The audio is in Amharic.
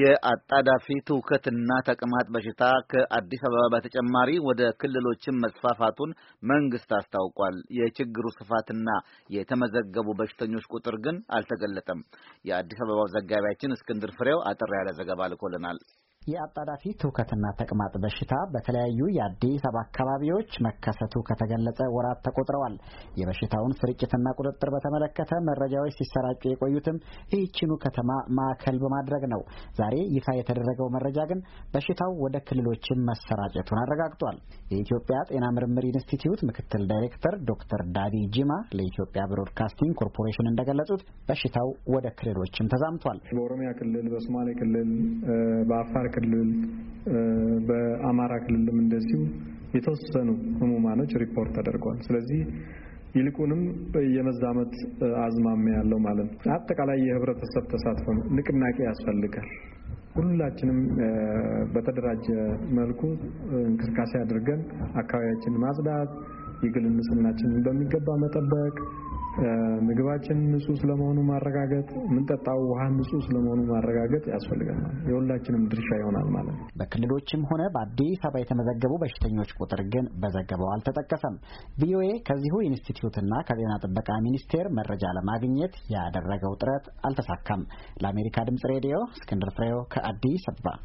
የአጣዳፊ ትውከትና ተቅማጥ በሽታ ከአዲስ አበባ በተጨማሪ ወደ ክልሎችን መስፋፋቱን መንግስት አስታውቋል። የችግሩ ስፋትና የተመዘገቡ በሽተኞች ቁጥር ግን አልተገለጠም። የአዲስ አበባው ዘጋቢያችን እስክንድር ፍሬው አጠር ያለ ዘገባ ልኮልናል። የአጣዳፊ ትውከትና ተቅማጥ በሽታ በተለያዩ የአዲስ አበባ አካባቢዎች መከሰቱ ከተገለጸ ወራት ተቆጥረዋል። የበሽታውን ስርጭትና ቁጥጥር በተመለከተ መረጃዎች ሲሰራጩ የቆዩትም ይህችኑ ከተማ ማዕከል በማድረግ ነው። ዛሬ ይፋ የተደረገው መረጃ ግን በሽታው ወደ ክልሎችም መሰራጨቱን አረጋግጧል። የኢትዮጵያ ጤና ምርምር ኢንስቲትዩት ምክትል ዳይሬክተር ዶክተር ዳዲ ጂማ ለኢትዮጵያ ብሮድካስቲንግ ኮርፖሬሽን እንደገለጹት በሽታው ወደ ክልሎችም ተዛምቷል። በኦሮሚያ ክልል፣ በሶማሌ ክልል፣ በአፋር ክልል በአማራ ክልልም እንደዚሁ የተወሰኑ ህሙማኖች ሪፖርት ተደርገዋል። ስለዚህ ይልቁንም የመዛመት አዝማሚያ ያለው ማለት ነው። አጠቃላይ የህብረተሰብ ተሳትፎ ነው፣ ንቅናቄ ያስፈልጋል። ሁላችንም በተደራጀ መልኩ እንቅስቃሴ አድርገን አካባቢያችንን ማጽዳት፣ የግል ንጽህናችንን በሚገባ መጠበቅ ምግባችን ንጹህ ስለመሆኑ ማረጋገጥ፣ የምንጠጣው ውሃ ንጹህ ስለመሆኑ ማረጋገጥ ያስፈልገናል። የሁላችንም ድርሻ ይሆናል ማለት ነው። በክልሎችም ሆነ በአዲስ አበባ የተመዘገቡ በሽተኞች ቁጥር ግን በዘገባው አልተጠቀሰም። ቪኦኤ ከዚሁ ኢንስቲትዩትና ከጤና ጥበቃ ሚኒስቴር መረጃ ለማግኘት ያደረገው ጥረት አልተሳካም። ለአሜሪካ ድምጽ ሬዲዮ እስክንድር ፍሬው ከአዲስ አበባ